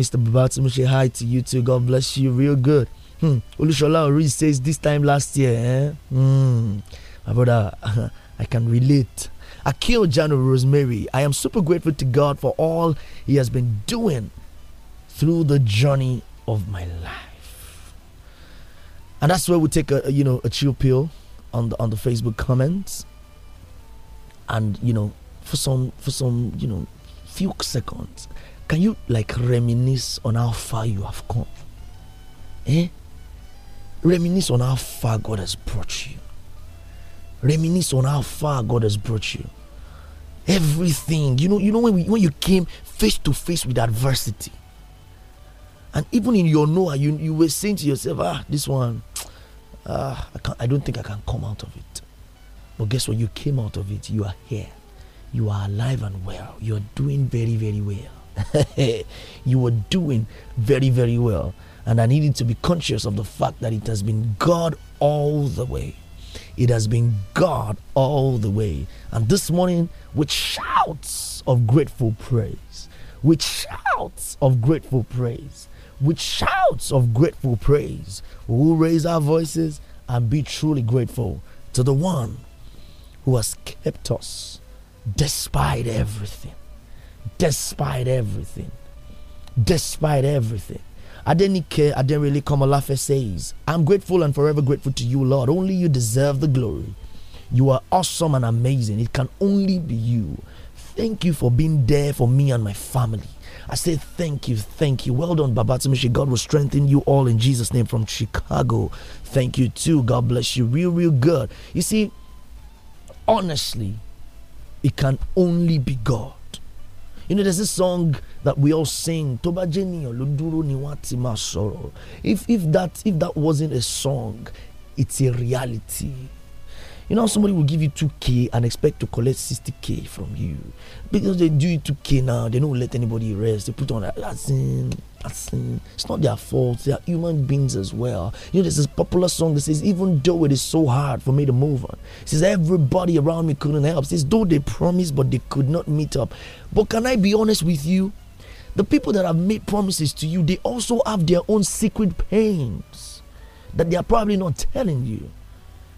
Mr. Babatunde say hi to you too. God bless you. Real good. Hmm. Olushola Ori says this time last year. Eh? Hmm. My brother, I can relate. Akil Jano Rosemary, I am super grateful to God for all He has been doing through the journey of my life. And that's where we take a, you know a chill pill on the on the Facebook comments. And you know, for some for some, you know, few seconds. Can you like reminisce on how far you have come? Eh? Reminisce on how far God has brought you. Reminisce on how far God has brought you. Everything. You know, you know when we, when you came face to face with adversity. And even in your Noah, you, you were saying to yourself, ah, this one, ah, I, can't, I don't think I can come out of it. But guess what? You came out of it. You are here. You are alive and well. You are doing very, very well. you were doing very, very well. And I needed to be conscious of the fact that it has been God all the way. It has been God all the way. And this morning, with shouts of grateful praise, with shouts of grateful praise, with shouts of grateful praise, we will raise our voices and be truly grateful to the one who has kept us despite everything despite everything. Despite everything. Adenike Adenrele Komolafe says, I'm grateful and forever grateful to you, Lord. Only you deserve the glory. You are awesome and amazing. It can only be you. Thank you for being there for me and my family. I say thank you, thank you. Well done, Babatsumishi. God will strengthen you all in Jesus' name from Chicago. Thank you too. God bless you. Real, real good. You see, honestly, it can only be God. You know, there's this song that we all sing, Toba Jenio, Luduro Niwati Masoro. If if that if that wasn't a song, it's a reality. You know, somebody will give you 2K and expect to collect 60K from you. Because they do 2K now, they don't let anybody rest. They put on a that's It's not their fault. They are human beings as well. You know, there's this popular song that says, even though it is so hard for me to move on. It says, everybody around me couldn't help. It says, though they promised, but they could not meet up. But can I be honest with you? The people that have made promises to you, they also have their own secret pains that they are probably not telling you.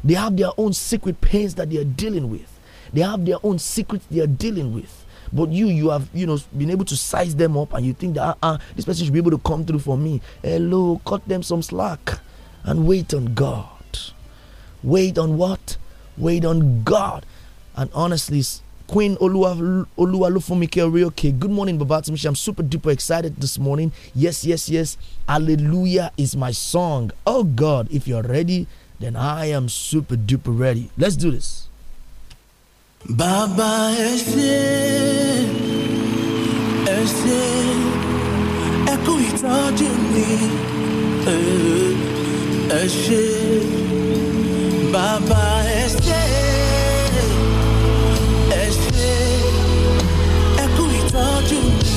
They have their own secret pains that they are dealing with. They have their own secrets they are dealing with. But you, you have, you know, been able to size them up, and you think that uh, uh, this person should be able to come through for me. Hello, cut them some slack, and wait on God. Wait on what? Wait on God. And honestly, Queen Olua Oluwalufumike Orioke. Good morning, Babatimishi. I'm super duper excited this morning. Yes, yes, yes. Hallelujah is my song. Oh God, if you're ready, then I am super duper ready. Let's do this. Baba ẹsẹ̀ ẹsẹ̀ ẹ kú ìtọ́jú mi ẹsẹ̀ baba ẹsẹ̀ ẹsẹ̀ ẹ kú ìtọ́jú mi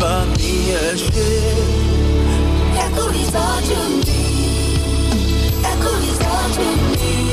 bá mi ẹsẹ̀ ẹ ìtọ́jú mi to me.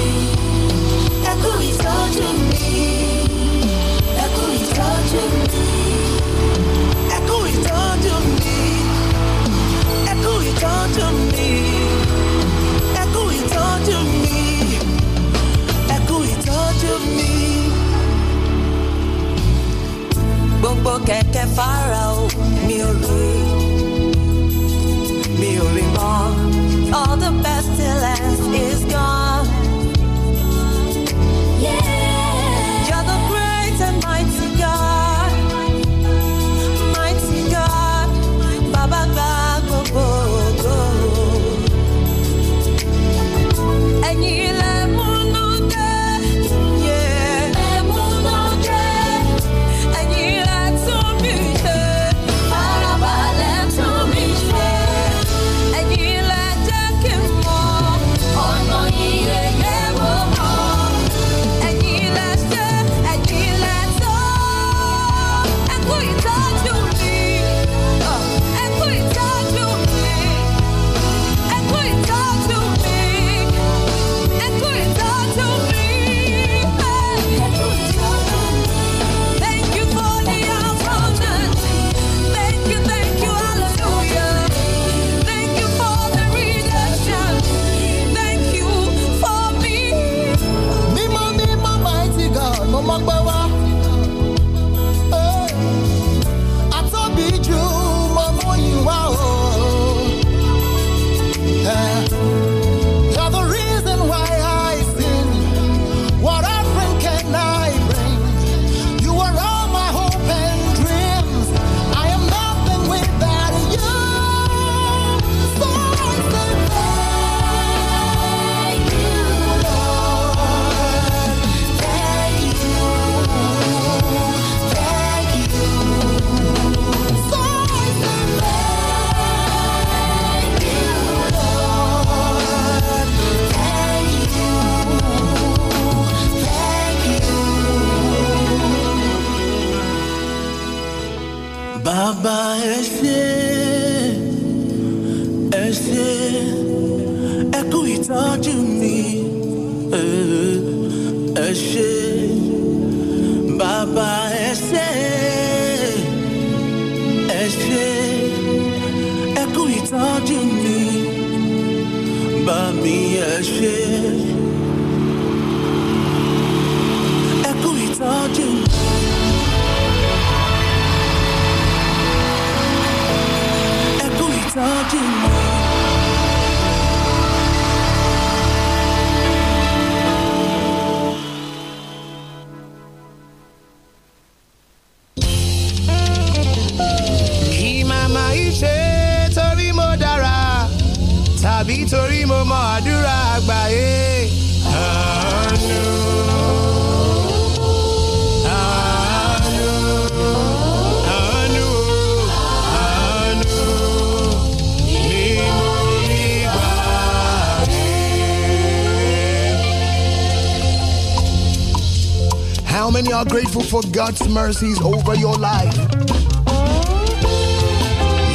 God's mercies over your life.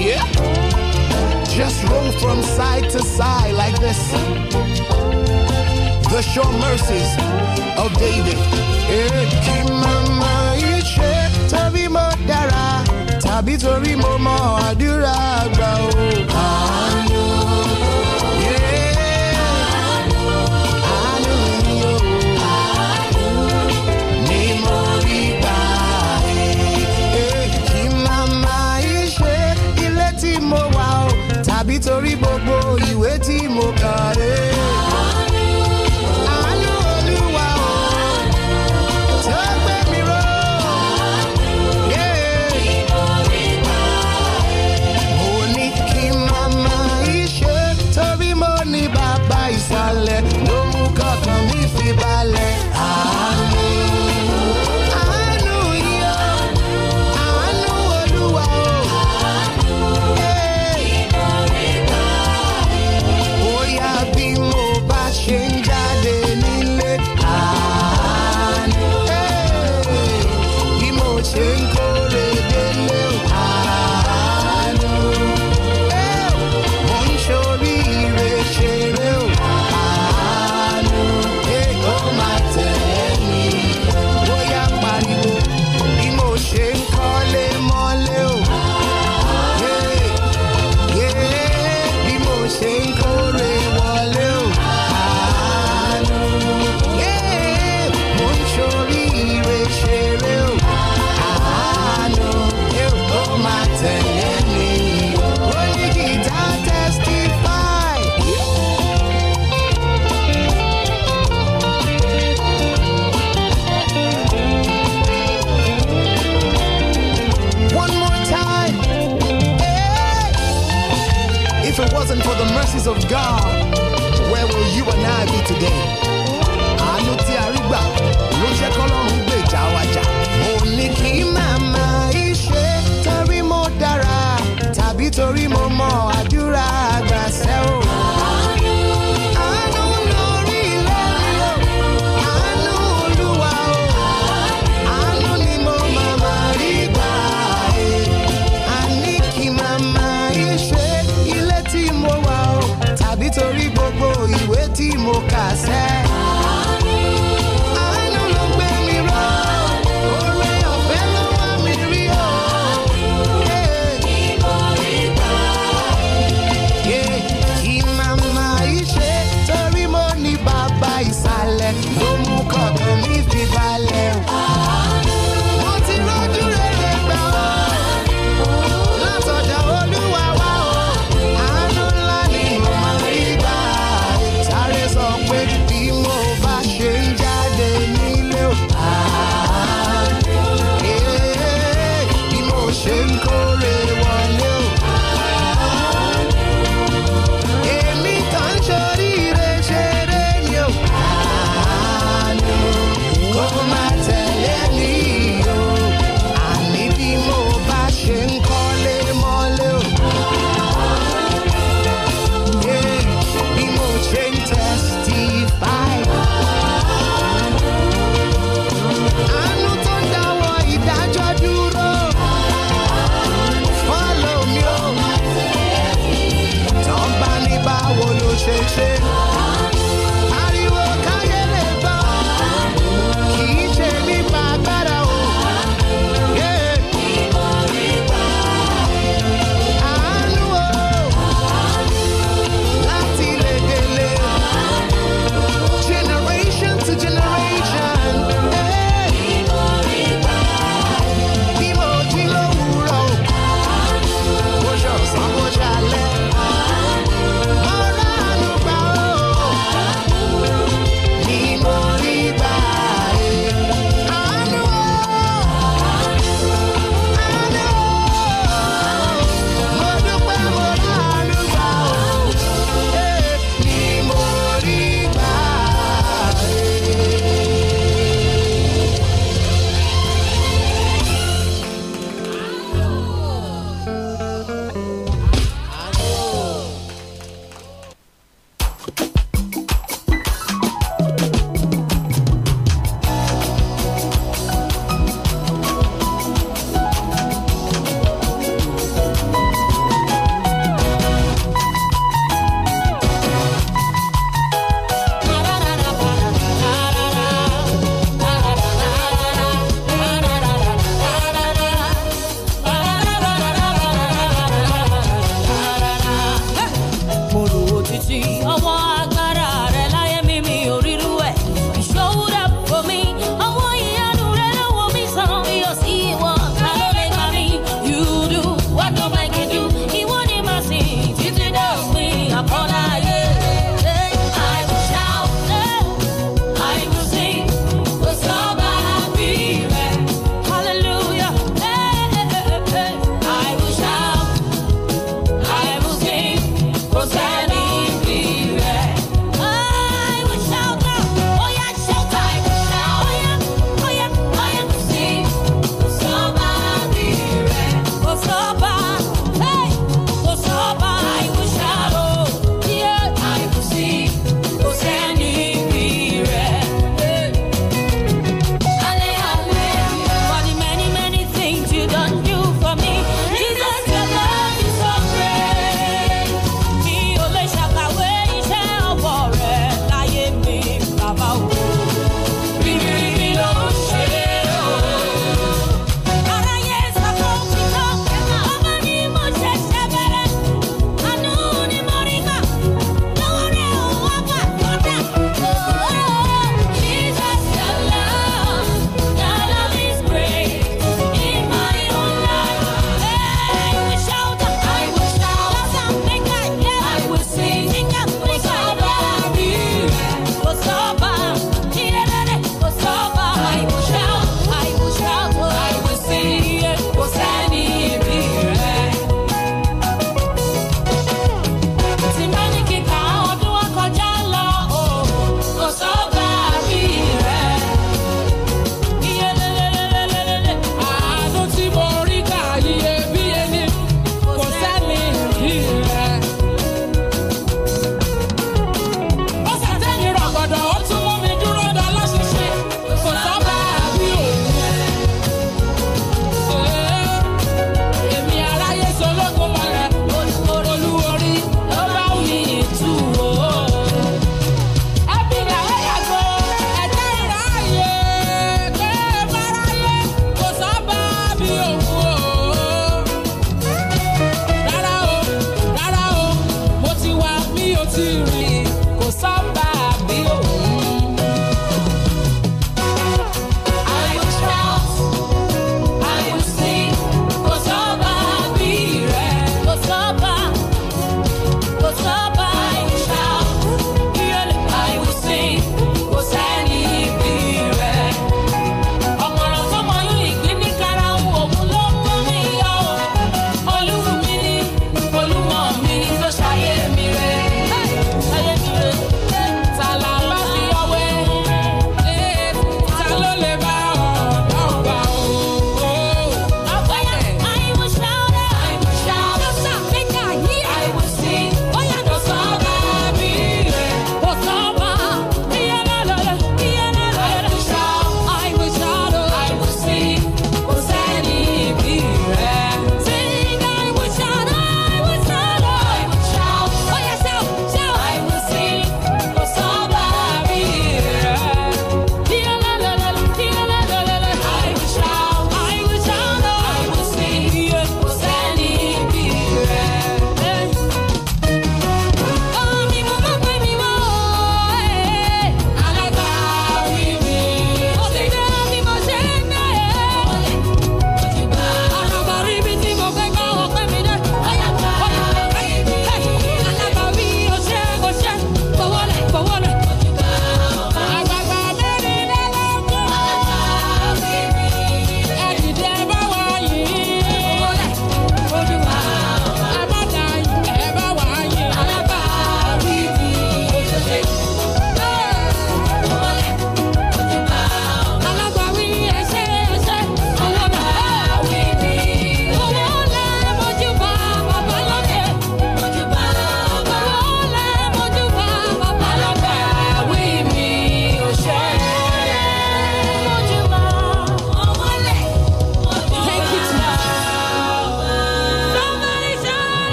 Yeah. Just roll from side to side like this. The sure mercies of David. Tabi tabi tori of God, where will you and I be today?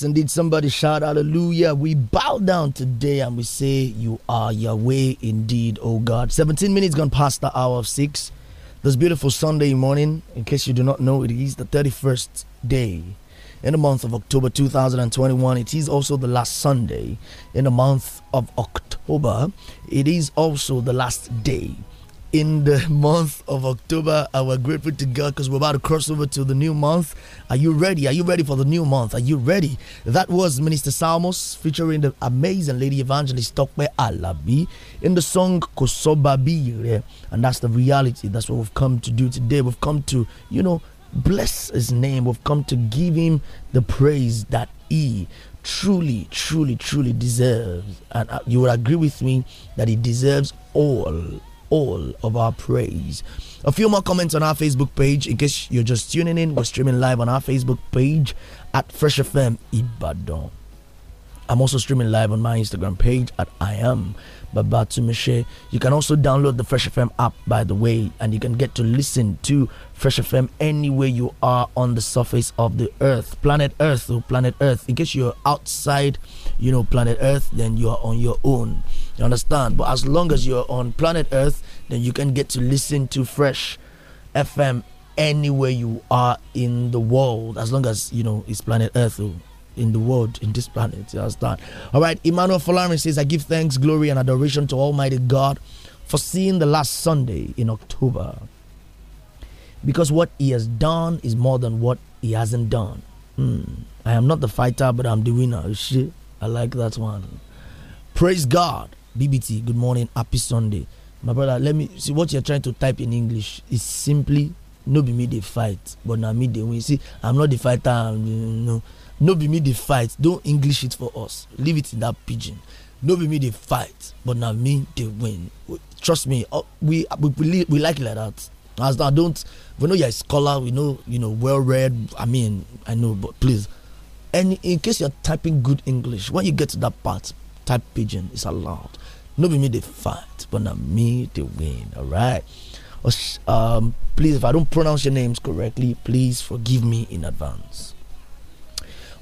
Yes, indeed. Somebody shout hallelujah. We bow down today and we say, You are your way, indeed, O God. 17 minutes gone past the hour of six. This beautiful Sunday morning, in case you do not know, it is the 31st day in the month of October 2021. It is also the last Sunday in the month of October. It is also the last day in the month of October. Uh, we're grateful to God because we're about to cross over to the new month. Are you ready? Are you ready for the new month? Are you ready? That was Minister Salmos featuring the amazing lady evangelist Tokwe Alabi in the song Kosobabire. And that's the reality. That's what we've come to do today. We've come to, you know, bless his name. We've come to give him the praise that he truly, truly, truly deserves. And uh, you will agree with me that he deserves all all of our praise. A few more comments on our Facebook page. In case you're just tuning in, we're streaming live on our Facebook page at Fresh FM Ibadan. I'm also streaming live on my Instagram page at I am Babatumishe. You can also download the Fresh FM app, by the way, and you can get to listen to Fresh FM anywhere you are on the surface of the earth, planet Earth, or oh, planet Earth. In case you're outside, you know, planet Earth, then you are on your own. You understand? But as long as you're on planet Earth, then you can get to listen to fresh FM anywhere you are in the world, as long as you know it's planet Earth oh, in the world, in this planet. You understand? All right, Emmanuel Falarin says, I give thanks, glory, and adoration to Almighty God for seeing the last Sunday in October. Because what he has done is more than what he hasn't done. Hmm. I am not the fighter, but I'm the winner. Shit, I like that one. Praise God. BBT, good morning, happy Sunday. My brother, let me see what you're trying to type in English. It's simply no be me the fight but now me the win see i'm not the fighter I'm, no no be me the fight Don't english it for us leave it in that pigeon. no be me the fight but now me the win trust me uh, we we we, we like it like that as i don't we know you're a scholar we know you know well read i mean i know but please and in case you're typing good english when you get to that part Type pigeon is allowed. No be me the fight, but not me the win. All right. Um, please, if I don't pronounce your names correctly, please forgive me in advance.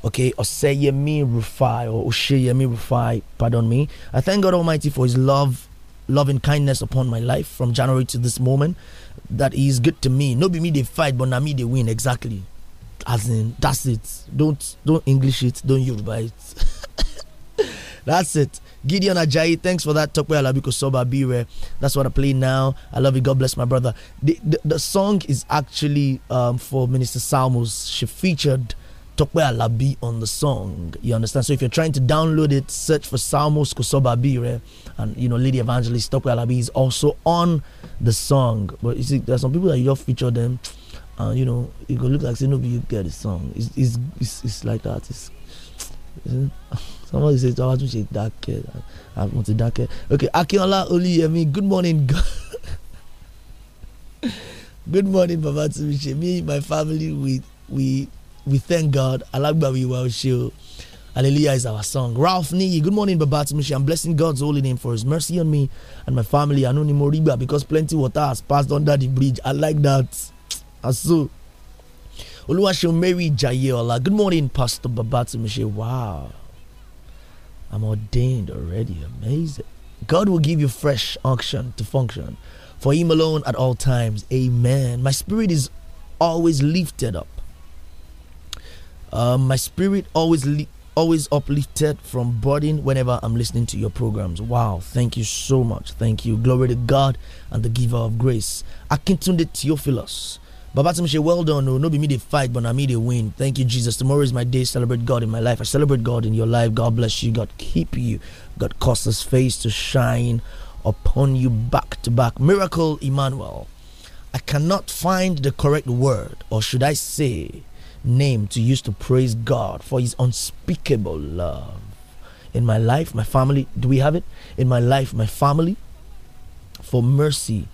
Okay, Oseyemi Rufai or Osheyemi Rufai, pardon me. I thank God Almighty for His love, loving kindness upon my life from January to this moment. That He is good to me. No be me they fight, but na me they win exactly. As in, that's it. Don't don't English it. Don't Yoruba it. That's it. Gideon Ajayi, thanks for that. Tokwe Alabiko Soba Biwe. That's what I play now. I love you. God bless my brother. The, the, the song is actually um, for Minister Salmos. She featured Tokwe Alabi on the song. You understand? So if you're trying to download it, search for Salmos Kosoba Bire. And, you know, Lady Evangelist Tokwe Alabi is also on the song. But you see, there are some people that you just feature them. you know, it could look like Sinobi, you get the song. It's, it's, it's, it's like that. It's, Somebody says, oh, I want to dark. I want to dark. Okay, Akinola Oluyemi, good morning. good morning, Baba Me, my family, we we we thank God. Alagba we will show. Hallelujah is our song. Ralph Niyi, good morning, Baba Tumiche. I'm blessing God's holy name for his mercy on me and my family, I Anoni Moriba, because plenty water has passed under the bridge. I like that. Asu. Oluwaseun Mary Jayeola, good morning, Pastor Baba Wow. I'm ordained already. Amazing. God will give you fresh unction to function. For Him alone at all times. Amen. My spirit is always lifted up. Um, my spirit always always uplifted from burden whenever I'm listening to your programs. Wow, thank you so much. Thank you. Glory to God and the giver of grace. Akintunde Theophilus. Baba say, well done. No, oh. no be me the fight, but I me the win. Thank you, Jesus. Tomorrow is my day. Celebrate God in my life. I celebrate God in your life. God bless you. God keep you. God cause his face to shine upon you back to back. Miracle Emmanuel. I cannot find the correct word, or should I say, name to use to praise God for his unspeakable love. In my life, my family, do we have it? In my life, my family, for mercy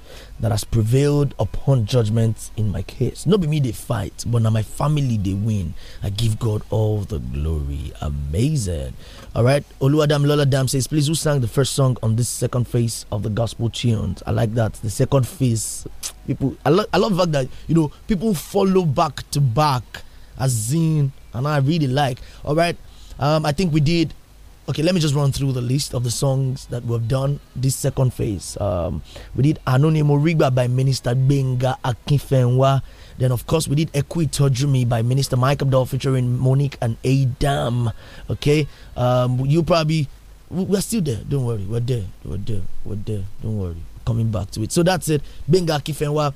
that has prevailed upon judgment in my case. Not be me they fight, but now my family they win. I give God all the glory. Amazing. All right. Oluwadam Loladam says, please who sang the first song on this second phase of the gospel tunes? I like that. The second phase. People I love I love the fact that you know people follow back to back as zine, and I really like. All right. Um, I think we did okay let me just run through the list of the songs that we've done this second phase um, we did Anoni Moriba by minister benga Akifenwa. then of course we did equitojumi by minister mike abdul featuring monique and adam okay um, you probably we're still there don't worry we're there we're there we're there don't worry coming back to it so that's it benga Akifenwa,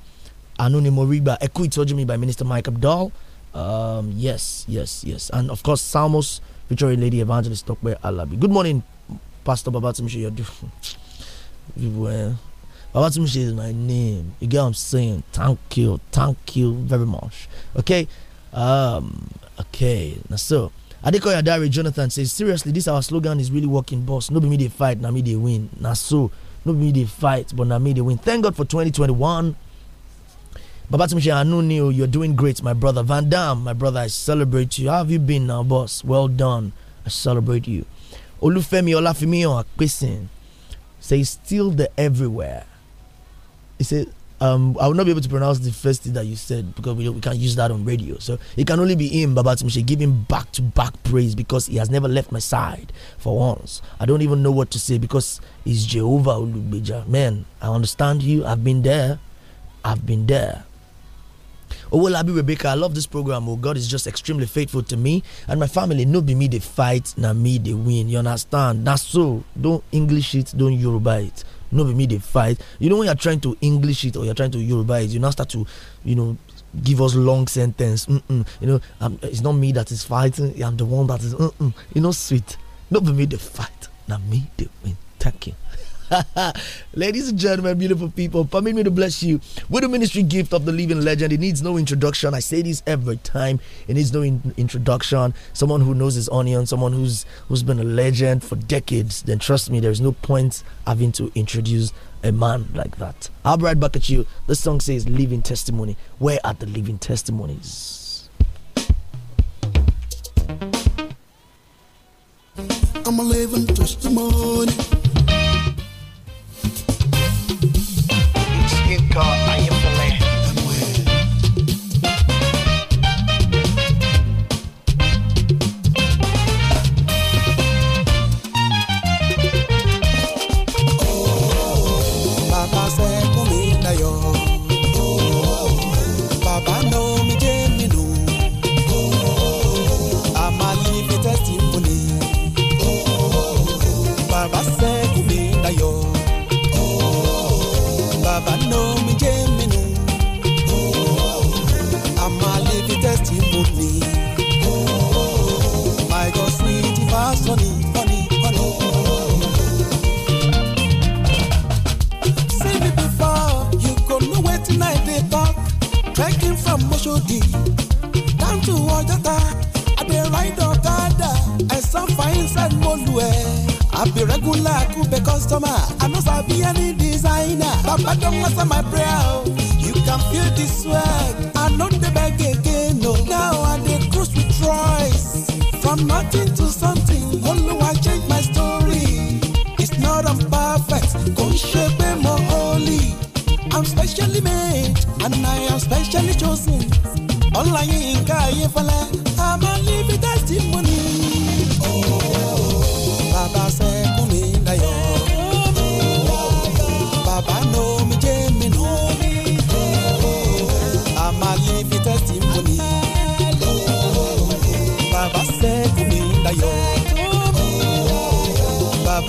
Anoni Moriba, equitojumi by minister mike abdul um, yes yes yes and of course salmos featuring Lady Evangelist Tokwe Alabi. Good morning, Pastor Babatunde. You're doing eh? Babatunde is my name. You get what I'm saying? Thank you, thank you very much. Okay, um, okay. Now so. Adekoya diary. Jonathan says, seriously, this our slogan is really working, boss. No be me they fight, na me they win. Now so, no be me they fight, but na me they win. Thank God for 2021. Babatunde Anuni, you're doing great, my brother. Van Dam, my brother, I celebrate you. How have you been now, boss? Well done. I celebrate you. Olufemi a Akpesin says, still the everywhere. He said, um, I will not be able to pronounce the first thing that you said because we, we can't use that on radio. So it can only be him, Babatunde, giving back to back praise because he has never left my side for once. I don't even know what to say because he's Jehovah Olubeja. Man, I understand you. I've been there. I've been there. Owolabi Rebecca, I love this program. Oh, God is just extremely faithful to me and my family. No be me they fight, na me they win. You understand? That's so. Don't English it, don't Yoruba it. No be me they fight. You know when you're trying to English it or you're trying to Yoruba it, you now start to, you know, give us long sentence. Mm -mm. You know, I'm, it's not me that is fighting. I'm the one that is, mm you know, sweet. No be me they fight, na me they win. Thank you. Ladies and gentlemen, beautiful people, permit me to bless you with the ministry gift of the living legend. It needs no introduction. I say this every time. It needs no in introduction. Someone who knows his onion, someone who's who's been a legend for decades, then trust me, there's no point having to introduce a man like that. I'll be right back at you. The song says Living Testimony. Where are the living testimonies? I'm a living testimony.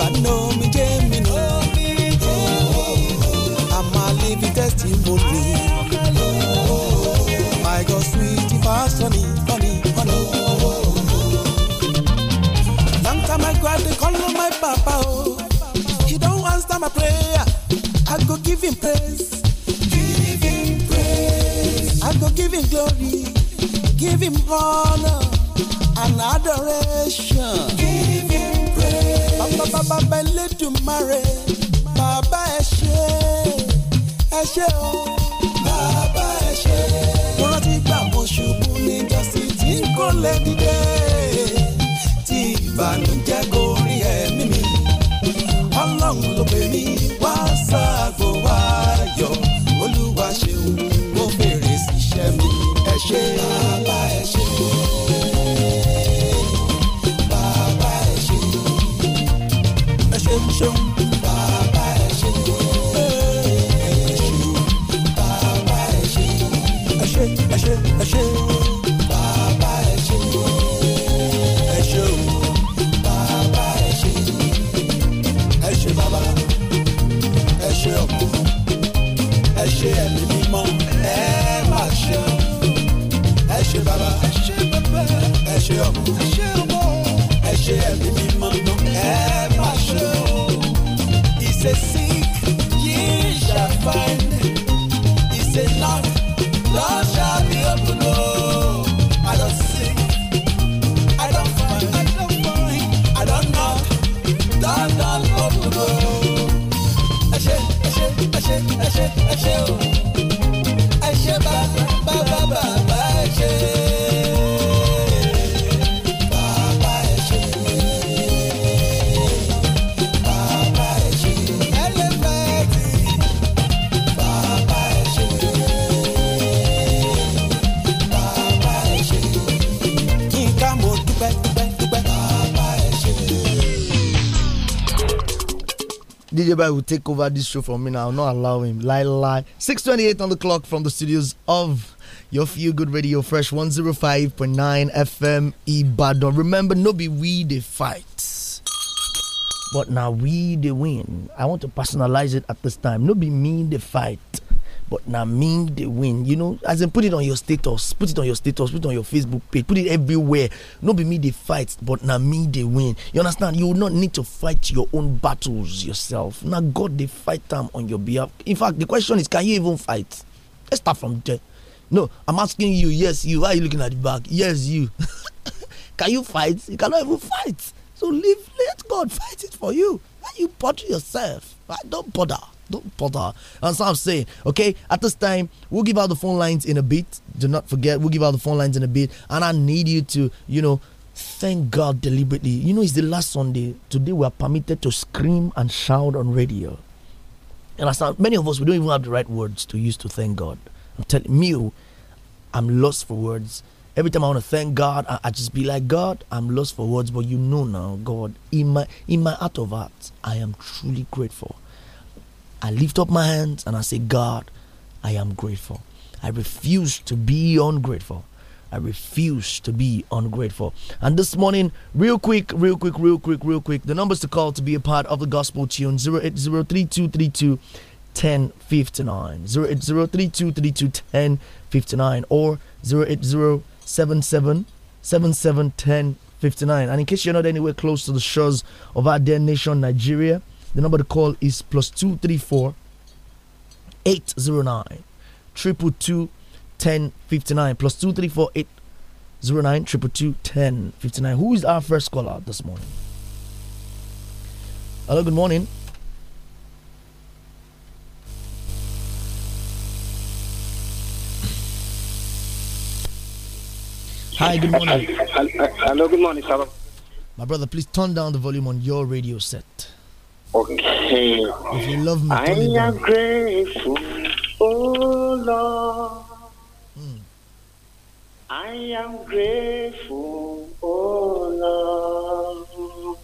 bá nínú omi jẹ́ mi I'm a living testimony. My God sweet passion is funny, Long time I cried, they call on my papa. Oh. He don't answer my prayer. I go give him praise. Give him praise. I go give him glory. Give him honor and adoration. Give bàbá bàbá bàbá Elédùmarè bàbá ẹ ṣé ẹ ṣé o bàbá ẹ ṣé. mo rántí gbà mo ṣubú ní jọ́sìn tí kò lè Everybody will take over this show from me now. I'll not allow him. Lie, lie. 628 on the clock from the studios of your Feel Good Radio Fresh 105.9 FM Ibadan. Remember, no be we the fight. But now we the win. I want to personalize it at this time. No be me the fight. But now me they win. You know, as in put it on your status, put it on your status, put it on your Facebook page, put it everywhere. Not be me they fight, but now me they win. You understand? You will not need to fight your own battles yourself. Now God they fight them on your behalf. In fact, the question is, can you even fight? Let's start from there. No, I'm asking you, yes, you why are you looking at the back? Yes, you. can you fight? You cannot even fight. So leave let God fight it for you. Why you bother yourself? Why don't bother? Don't bother. That's what I'm saying. Okay. At this time, we'll give out the phone lines in a bit. Do not forget, we'll give out the phone lines in a bit. And I need you to, you know, thank God deliberately. You know, it's the last Sunday. Today we are permitted to scream and shout on radio. And I sound many of us we don't even have the right words to use to thank God. I'm telling me, I'm lost for words. Every time I want to thank God, I, I, just be like, God, I'm lost for words. But you know now, God, in my in my heart of hearts, I am truly grateful. I lift up my hands and I say, God, I am grateful. I refuse to be ungrateful. I refuse to be ungrateful. And this morning, real quick, real quick, real quick, real quick, the numbers to call to be a part of the gospel tune 0803232 1059. or 08077 59. And in case you're not anywhere close to the shores of our dear nation, Nigeria, the number to call is plus 234 809 222 234 809 Who is our first caller this morning? Hello, good morning. Hi, good morning. Hello, good morning, sir. My brother, please turn down the volume on your radio set. Okay. If you love me, I am grateful, oh Lord. Mm. I am grateful, oh Lord,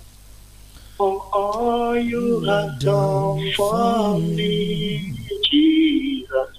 for all you Lord have done for me, Jesus.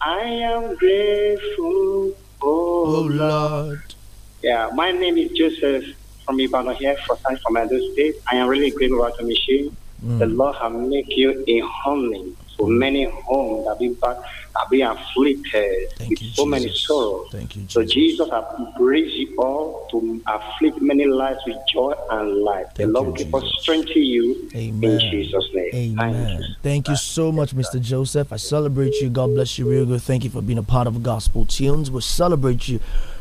I am grateful, oh, oh Lord. Lord. Yeah, my name is Joseph from Ibadan here for time from Edo State. I am really grateful to machine. Mm. The Lord have make you a homely for many homes have been back, have been afflicted Thank with you, so Jesus. many sorrows. Thank you, Jesus. So Jesus have raised you all to afflict many lives with joy and life. Thank the Lord give us strength to you Amen. in Jesus' name. Amen. Thank, Thank you so much, Mr. Joseph. I celebrate you. God bless you real good. Thank you for being a part of Gospel Tunes. We celebrate you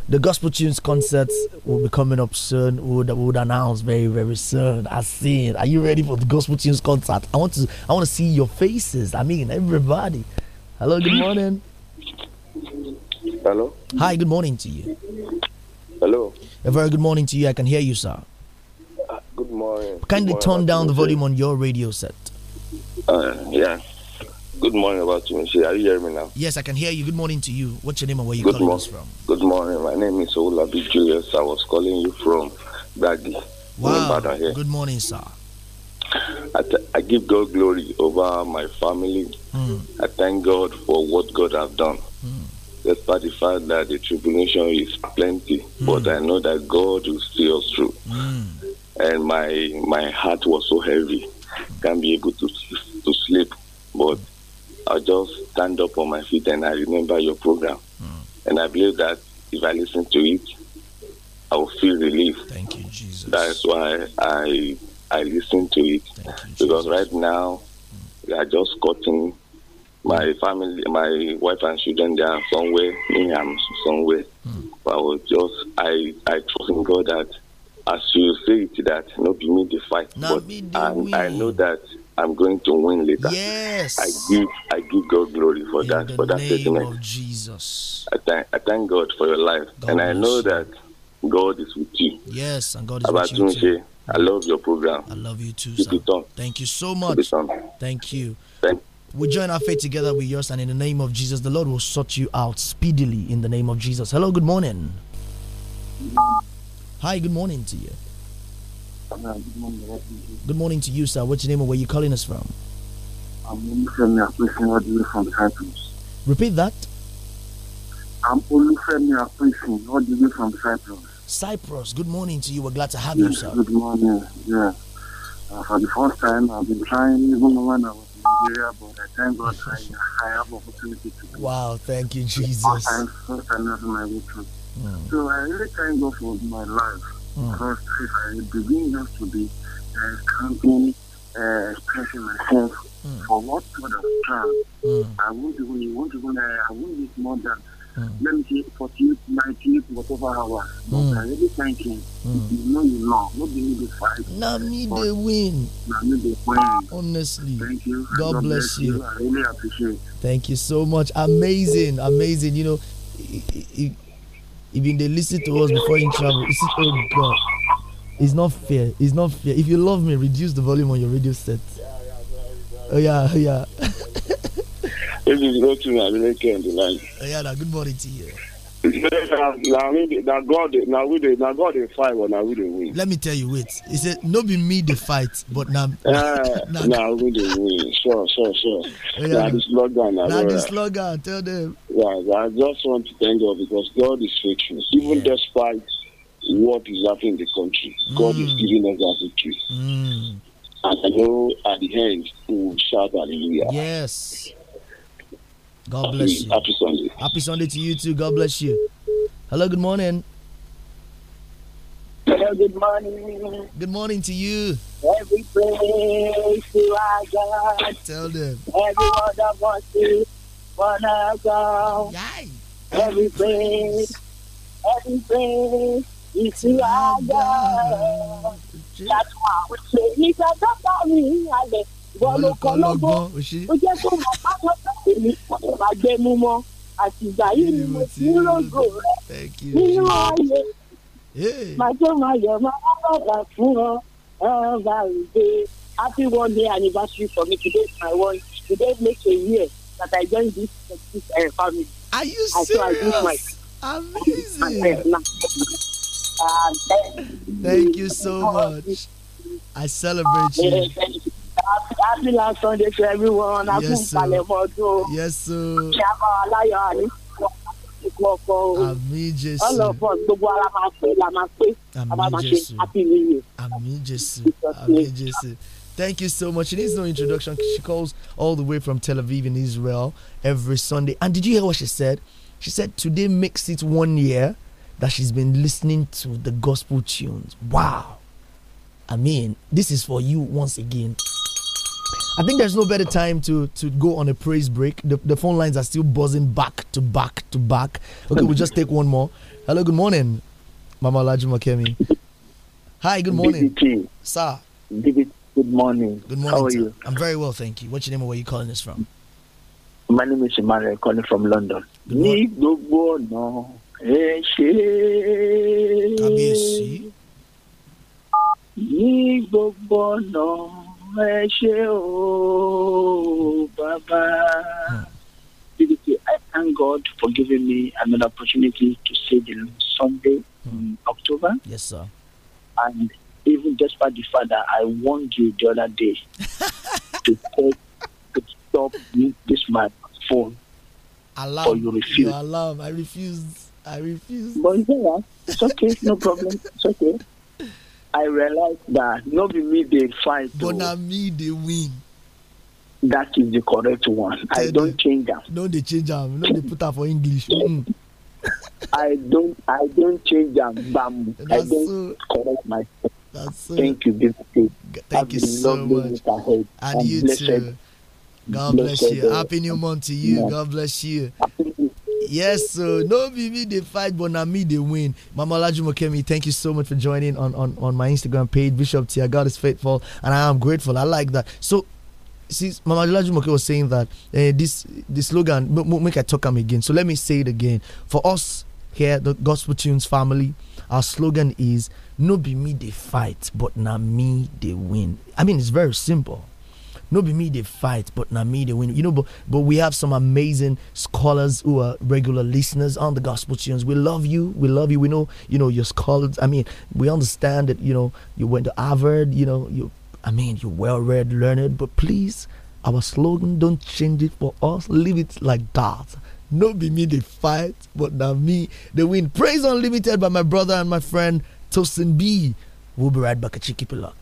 the gospel tunes concerts will be coming up soon. We would, we would announce very very soon. I see. Are you ready for the gospel tunes concert? I want to I want to see your faces. I mean everybody. Hello. Good morning. Hello. Hi. Good morning to you. Hello. A very good morning to you. I can hear you, sir. Uh, good morning. Kindly good morning. turn down the volume on your radio set. Uh, yeah. Good morning, Batunde. Are you hearing me now? Yes, I can hear you. Good morning to you. What's your name and where you calling us from? Good morning. My name is Olabi Julius. I was calling you from Dagi. Wow. Good morning, sir. I, give God glory over my family. Mm. I thank God for what God have done. Hmm. Despite the fact that the tribulation is plenty, mm. but I know that God will see us through. Mm. And my my heart was so heavy, can't be able to to sleep. But i just stand up on my feet and I remember your program. Mm. And I believe that if I listen to it, I will feel relief. Thank you, Jesus. That's why I I listen to it you, because right now mm. we are just cutting. My family, my wife and children, they are somewhere. Me, I'm somewhere. Mm. But I was just I I trust in God that as you say it that not be me the fight, not but I, I know that I'm going to win later. Yes. I give I give God glory for in that for that statement. Jesus. I thank I thank God for your life. God and I know you. that God is with you. Yes, and God is About with you. Too. I love your program. I love you too, sir. Thank you so much. Thank you. Thank you we join our faith together with yours and in the name of jesus the lord will sort you out speedily in the name of jesus hello good morning hi good morning to you good, morning, to you, sir. What's your name and where you calling us from? I'm Olufemi from Cyprus. Repeat that. I'm Olufemi from Cyprus. Cyprus. Good morning to you. We're glad to have yes, you, sir. Good morning. Yeah. Uh, for the first time, I've been trying even when I was in Nigeria, but I thank God I, I have opportunity to. Wow! Thank you, Jesus. First time, first time my Mm. So I really thank God for my life. Mm. Because I believe us to be uh, campaign, uh, expressing myself mm. for what sort of term mm. I want to win. want to win, I want it more than, mm. let me say, 48, 98, whatever hours. But I really thank him. Mm. You know, you know, not the need to fight. Now me the win. Now me the win. Honestly. Thank you. God, God bless, bless you. you. I really appreciate Thank you so much. Amazing, amazing. You know, he, he, he been they listen to us before in travel. oh God. It's not fair. It's not fair. If you love me, reduce the volume on your radio set. Oh yeah, oh, yeah. this is good to me. I the line. Oh yeah, good body to you. now, God, now we now God they fight, but now we they win. Let me tell you, wait. He said, "No, be me the fight, but now." Uh, now nah, we they win. Sure, sure, sure. Oh, yeah, the nah, this slogan, now nah, slogan. Tell them. Yeah, I just want to thank God because God is faithful, even despite what is happening in the country. Mm. God is mm. giving us that victory. Mm. And I know at the end we will shout hallelujah. Yes. God happy, bless you. Happy Sunday. Happy Sunday to you too. God bless you. Hello, good morning. Hello, good morning. Good morning to you. Every place to our God. Tell them. Every word of to is one of God. Every place. Every place. ìtura agbára ìyàtọ̀ àwọn nígbà tó bá mi ìhàlẹ̀ bọ́ọ̀lù kan lọ́gbọ́n ó jẹ́ kó mọ pápá sọ́ọ̀tì mi kó lè máa mú mọ́ àtìgbà yìí ni mo ti ń rògò rẹ̀ nínú ayé màjọ máa yọ̀ máa bàbà fún ọ ọba òde happy one day anniversary for me today is my one today make a year that I join this this uh, eh, family. Are you serious? Amazing. Thank you so much. I celebrate you. Happy last Sunday to everyone. Yes, sir. Yes, sir. Àmì Jésù. Àmì Jésù. Àmì Jésù. Àmì Jésù. Thank you so much. She needs no introduction. She calls all the way from Tel Aviv in Israel every Sunday. And did you hear what she said? She said today makes it one year that she's been listening to the gospel tunes. Wow. I mean, this is for you once again. I think there's no better time to to go on a praise break. The, the phone lines are still buzzing back to back to back. Okay, we'll just take one more. Hello, good morning, Mama Lajima Kemi. Hi, good morning. BBT. Sir. BBT. Good morning. Good morning. How are sir. you? I'm very well, thank you. What's your name and where are you calling us from? My name is Emmanuel, calling from London. Good morning ẹ ṣe ní gbogbo ọ̀nà ẹ ṣe o bàbá. Hmm. I thank God for giving me another opportunity to see the Sunday in hmm. October. Yes, sir. And even despite the fact that I warned you the other day to, call, to stop this my phone. Alarm. you refuse. You alarm. I refuse. I refuse. But you know It's okay, no problem. It's okay. I realize that not be me they fight. But not me they win. That is the correct one. Tell I don't them. change them. No, they change them. No, they put up for English. Mm. I don't I don't change them. Bam. I don't so, correct myself. That's so, thank you, beautiful. Thank I've you so much. And, and you too. God bless, you. Uh, Happy New Month to you. Yeah. God bless you. Happy yes, so no BB they fight, but now me they win. Mama Lajumokemi, thank you so much for joining on, on, on my Instagram page, Bishop Tia. God is faithful, and I am grateful. I like that. So, since Mama Lajumoke was saying that, uh, this this slogan, make I talk him again. So, let me say it again. For us here, the Gospel Tunes family, our slogan is, No be me they fight, but now me they win. I mean, it's very simple no, be me they fight, but not me they win. You know, but but we have some amazing scholars who are regular listeners on the gospel tunes. We love you. We love you. We know you know your scholars. I mean, we understand that you know you went to Harvard. You know you. I mean, you're well read, learned, but please, our slogan don't change it for us. Leave it like that. No, be me they fight, but not me they win. Praise Unlimited by my brother and my friend Tosin B. We'll be right back at Chicky Pillock.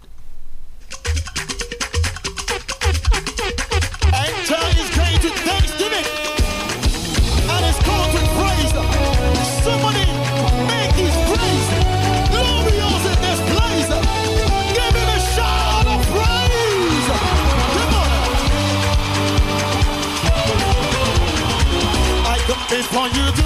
It's for you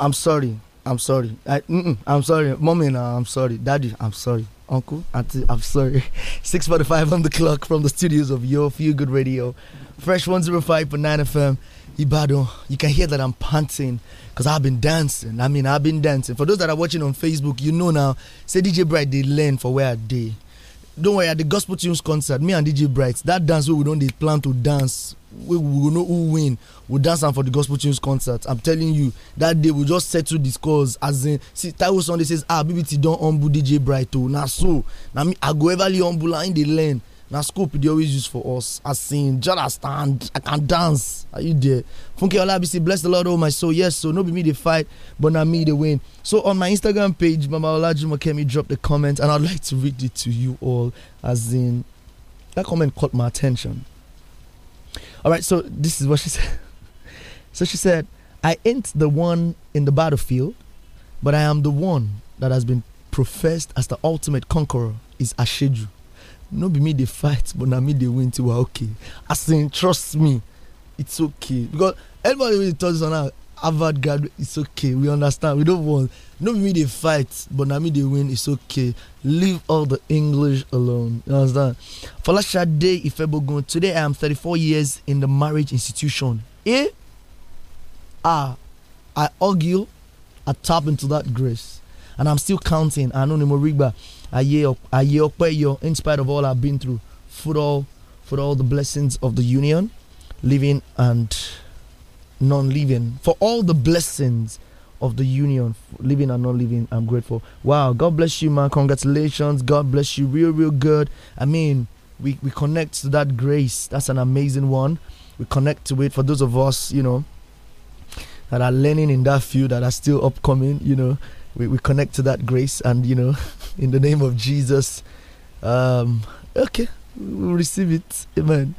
I'm sorry. I'm sorry. I, am sorry. Mommy, no, I'm sorry. Daddy, I'm sorry. Uncle, auntie, I'm sorry. 6.45 on the clock from the studios of Your Feel Good Radio. Fresh 105.9 FM. Ibado, you can hear that I'm panting because I've been dancing. I mean, I've been dancing. For those that are watching on Facebook, you know now, say DJ Bright, they learn for where they. Don't worry, at the Gospel Tunes concert, me and DJ Bright, that dance we don't they plan to dance we will know who win We dance am for the gospel tunes concert i'm telling you that day we just settle the scores as in see taiwo sunday says ah bbt don humble dj bright o oh. na so na me i go everly humble am im dey learn na scope dey always use for us as in jada stand i can dance are you there funke olabisi bless the lord oh my soul yes so no be me dey fight but na me dey win so on my instagram page mama olajumokemi drop the comment and i'd like to read it to you all as in that comment caught my attention All right, so this is what she said. So she said, I ain't the one in the battlefield, but I am the one that has been professed as the ultimate conqueror is Asheju. No be me they fight, but na me they win too. Okay. I saying, trust me, it's okay. Because everybody will tell us on that harvard graduate it's okay we understand we don't want no me they fight but na me they win it's okay leave all the english alone you understand folashade ifebogun today i am 34 years in the marriage institution eh ah i argue i tap into that grace and i'm still counting I know anonimo rigba aye opeyo in spite of all i've been through for all for all the blessings of the union living and non-living, for all the blessings of the union, living and non living. I'm grateful. Wow, God bless you, man. Congratulations. God bless you. Real, real good. I mean, we, we connect to that grace. That's an amazing one. We connect to it. For those of us, you know, that are learning in that field that are still upcoming, you know, we, we connect to that grace and, you know, in the name of Jesus. Um, okay, we'll receive it. Amen.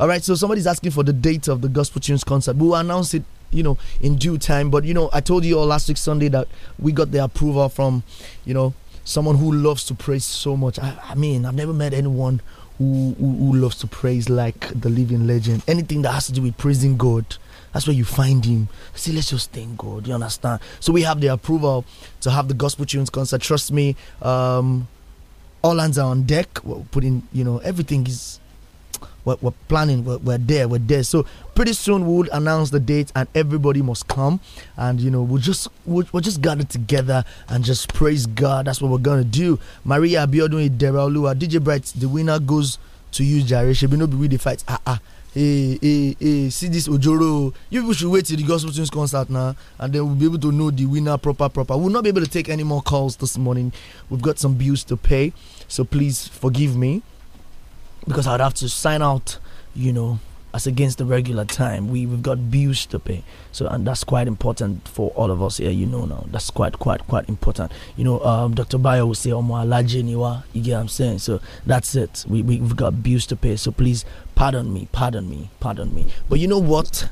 All right, so somebody's asking for the date of the Gospel Tunes concert. We'll announce it, you know, in due time. But you know, I told you all last week Sunday that we got the approval from, you know, someone who loves to praise so much. I, I mean, I've never met anyone who, who, who loves to praise like the living legend. Anything that has to do with praising God. That's where you find him. See, let's just thank God. You understand? So we have the approval to have the gospel tunes concert. Trust me, um, all hands are on deck. We're putting you know everything is we're, we're planning, we're, we're, there, we're there. So pretty soon we'll announce the date and everybody must come. And you know, we'll just we'll, we'll just gather together and just praise God. That's what we're gonna do. Maria Abiodun Ideraolua, DJ Bright, the winner goes to you, Jare. Shebi no be with the fight. Ah ah. Hey, hey, hey, see this Ojoro. You people should wait till the gospel tunes concert now, and then we'll be able to know the winner proper proper. We'll not be able to take any more calls this morning. We've got some bills to pay, so please forgive me because I'd have to sign out, you know, as against the regular time. We we've got bills to pay, so and that's quite important for all of us here. You know now that's quite quite quite important. You know, um, Dr. Bayo will say, "Omo alajeniwa," you get what I'm saying. So that's it. we we've got bills to pay. So please pardon me, pardon me, pardon me. But you know what?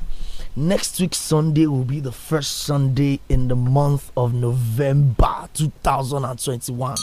Next week Sunday will be the first Sunday in the month of November 2021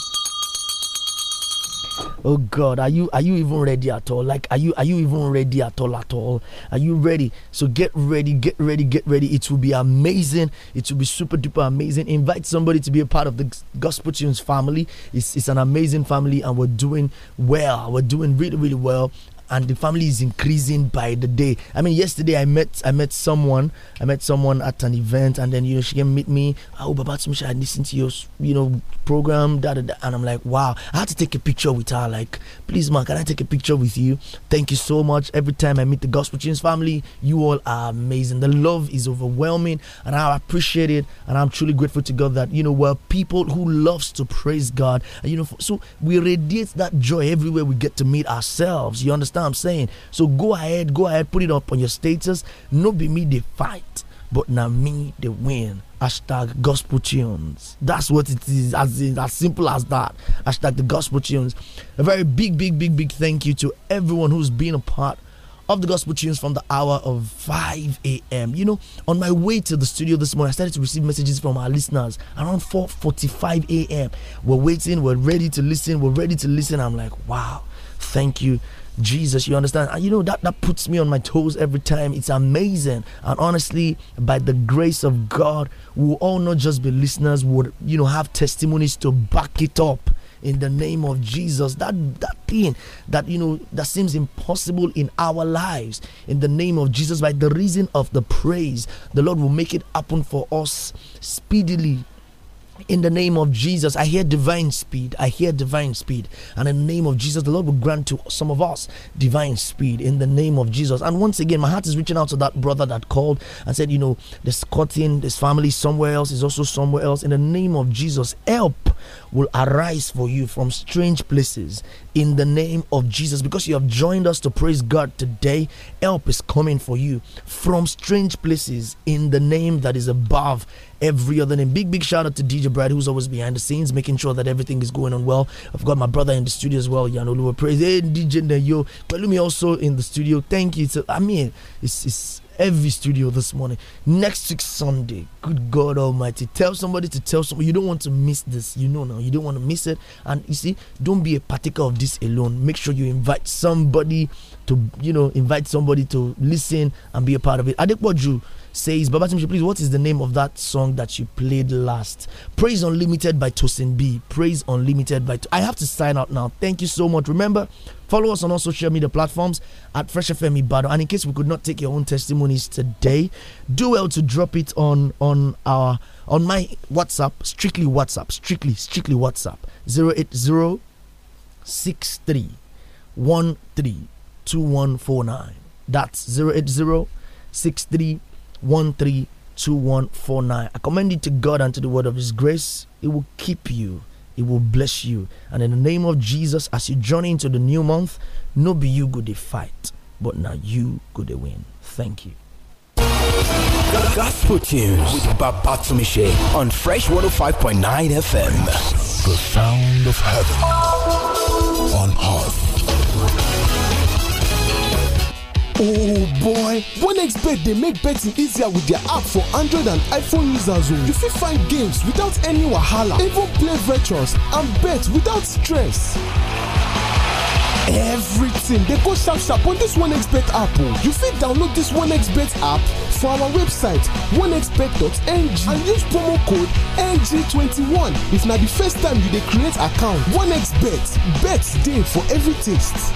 oh god are you are you even ready at all like are you are you even ready at all at all are you ready so get ready get ready get ready it will be amazing it will be super duper amazing invite somebody to be a part of the gospel tunes family it's, it's an amazing family and we're doing well we're doing really really well and the family is increasing by the day. I mean, yesterday I met I met someone I met someone at an event, and then you know she came meet me. Oh, Babatsumisha, I listened to your you know program, da, da, da. and I'm like, wow. I had to take a picture with her. Like, please, man, can I take a picture with you? Thank you so much. Every time I meet the Gospel Change family, you all are amazing. The love is overwhelming, and I appreciate it, and I'm truly grateful to God that you know we're people who loves to praise God. And, you know, so we radiate that joy everywhere we get to meet ourselves. You understand? understand I'm saying? So go ahead, go ahead, put it up on your status. No be me the fight, but now me the win. Hashtag gospel tunes. That's what it is. As in, as simple as that. Hashtag the gospel tunes. A very big, big, big, big thank you to everyone who's been a part of the gospel tunes from the hour of 5 a.m. You know, on my way to the studio this morning, I started to receive messages from our listeners around 4:45 a.m. We're waiting, we're ready to listen, we're ready to listen. I'm like, wow, thank you, Jesus, you understand? And you know, that, that puts me on my toes every time. It's amazing. And honestly, by the grace of God, we'll all not just be listeners, would you know, have testimonies to back it up in the name of Jesus. That that thing that you know that seems impossible in our lives, in the name of Jesus, by the reason of the praise, the Lord will make it happen for us speedily in the name of Jesus, I hear divine speed. I hear divine speed. And in the name of Jesus, the Lord will grant to some of us divine speed in the name of Jesus. And once again, my heart is reaching out to that brother that called and said, you know, this cutting, this family somewhere else is also somewhere else. In the name of Jesus, help will arise for you from strange places in the name of Jesus because you have joined us to praise God today. Help is coming for you from strange places in the name that is above every other name. Big, big shout out to DJ Brad, who's always behind the scenes, making sure that everything is going on well. I've got my brother in the studio as well, Yanoluwa Praise. Hey, DJ Nayo. me also in the studio. Thank you. To, I mean, it's, it's every studio this morning. Next week, Sunday. Good God Almighty. Tell somebody to tell somebody. You don't want to miss this. You know now. You don't want to miss it. And you see, don't be a partaker of this alone. Make sure you invite somebody to, you know, invite somebody to listen and be a part of it. Adekboju says, Baba Timshi, please, what is the name of that song that you played last? Praise Unlimited by Tosin B. Praise Unlimited by. T I have to sign out now. Thank you so much. Remember, follow us on all social media platforms at Fresh FM Ibado. And in case we could not take your own testimonies today, do well to drop it on on our on my WhatsApp, strictly WhatsApp, strictly strictly WhatsApp 080 63 13 2149. That's 080 63 132149. I commend you to God and to the word of His grace. It will keep you, it will bless you. And in the name of Jesus, as you journey into the new month, no be you go to fight, but now you go to win. Thank you. Gospel tunes with Babatsumishe on Fresh 105.9 FM. The sound of heaven on earth. oh boy onexbet they make betting easier with their app for android and iphone users o oh. you fit find games without any wahala even play virtuals and bet without stress everything they go sharp sharp on this onexbet app o oh. you fit download this onexbet app for our website onexbet.ng and use promo code ng21 if not the first time you create account onexbet bets day for every taste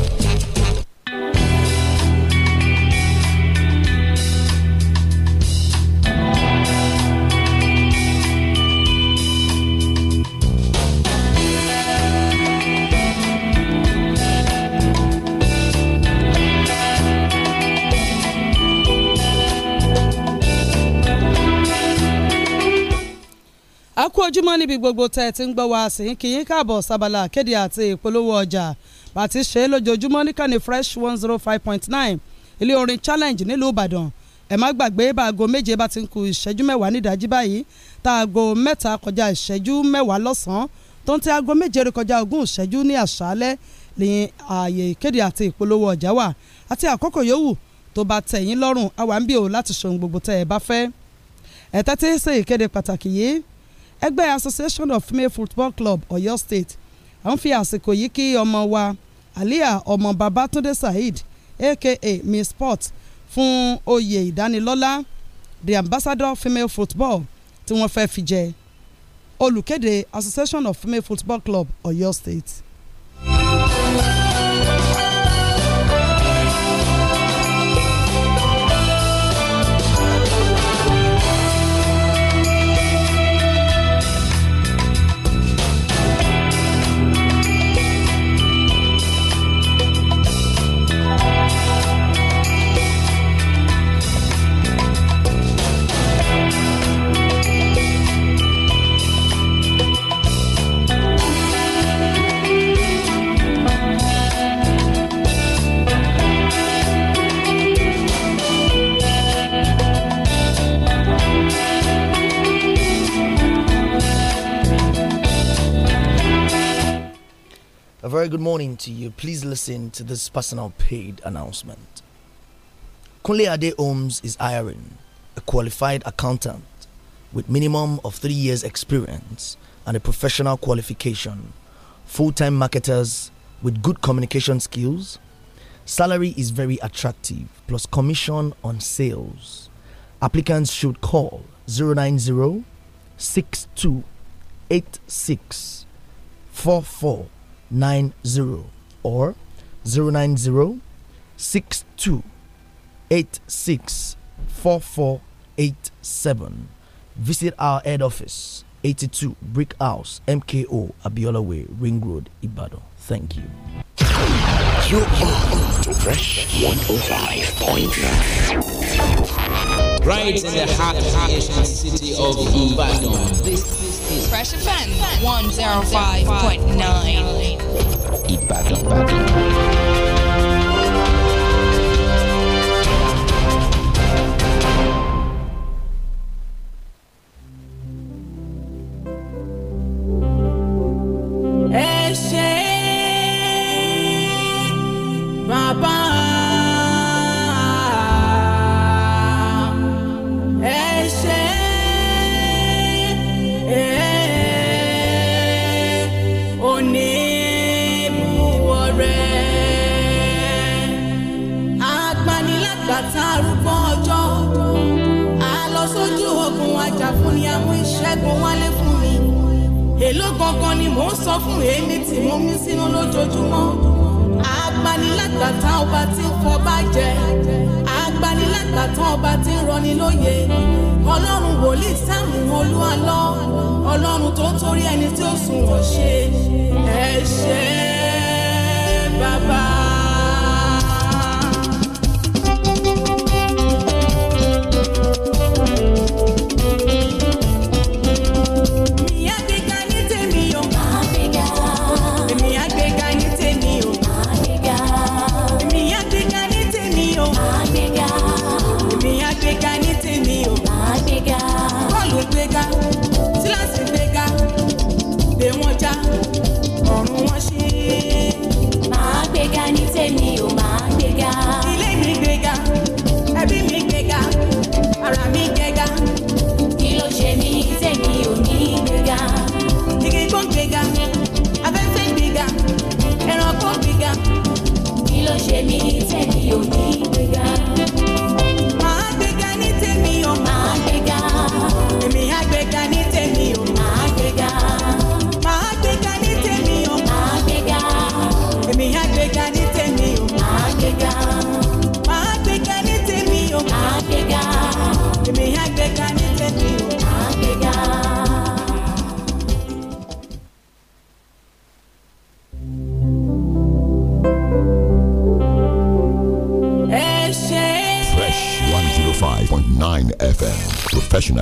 a kú ojúmọ́ níbi gbogbo tẹ́ ẹ ti ń gbọ́ wá sí i kìyìn káàbọ̀ sábàlá akéde àti ìpolówó ọjà bàtí ṣe lójoojúmọ́ níkànnì fresh one zero five point nine ilé orin challenge nílùú ìbàdàn ẹ má gbàgbé báago méje bá ti ń ku ìṣẹ́jú mẹ́wàá nídàájí báyìí táago mẹ́ta kọjá ìṣẹ́jú mẹ́wàá lọ́sàn-án tó ń tẹ aago méje kọjá ogún ìṣẹ́jú ní àṣálẹ́ ní ààyè ìkéde àti ìpolówó ọjà wà àti àkókò yòówù tó bá tẹ̀ lọ́rùn àwa ń bí o láti ṣohun gbogbo tẹ́ ẹ bá fẹ́ ẹ̀ sí ìkéde pàtàkì yìí ẹgbẹ́ association of female football club Ọ̀yọ́ state à ń fi àsìkò yìí kí ọmọ wa Alia ọmọ Babatunde Saheed aka miss sport fún oyè ìdánilọ́lá the ambassador of female football tí wọ́n fẹ́ fi jẹ olùkéde association of female football club Ọ̀yọ́ state. A very good morning to you. Please listen to this personal paid announcement. Kunle Ade Ohms is hiring a qualified accountant with minimum of 3 years experience and a professional qualification. Full-time marketers with good communication skills. Salary is very attractive plus commission on sales. Applicants should call 090 6286 090 or 090 4487. Visit our head office, 82 Brick House, MKO, Abiola Way, Ring Road, Ibadan. Thank you. You are to Fresh 105.9. Right in the heart of the city of Ibadan. Fresh Offense 105.9. Ibadan.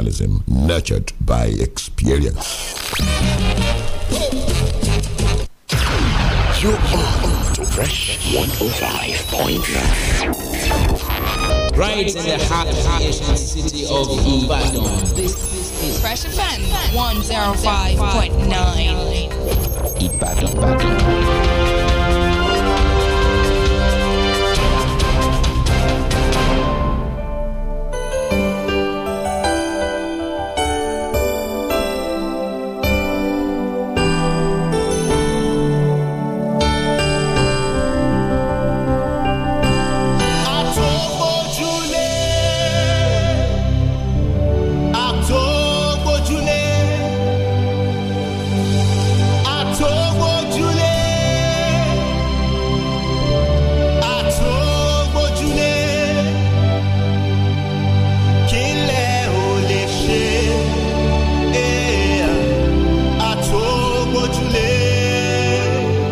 professionalism nurtured by experience. You are to Fresh 105.9. Right in the heart of the city of Ibadan. This is Fresh Offense 105.9. Ibadan. Ibadan.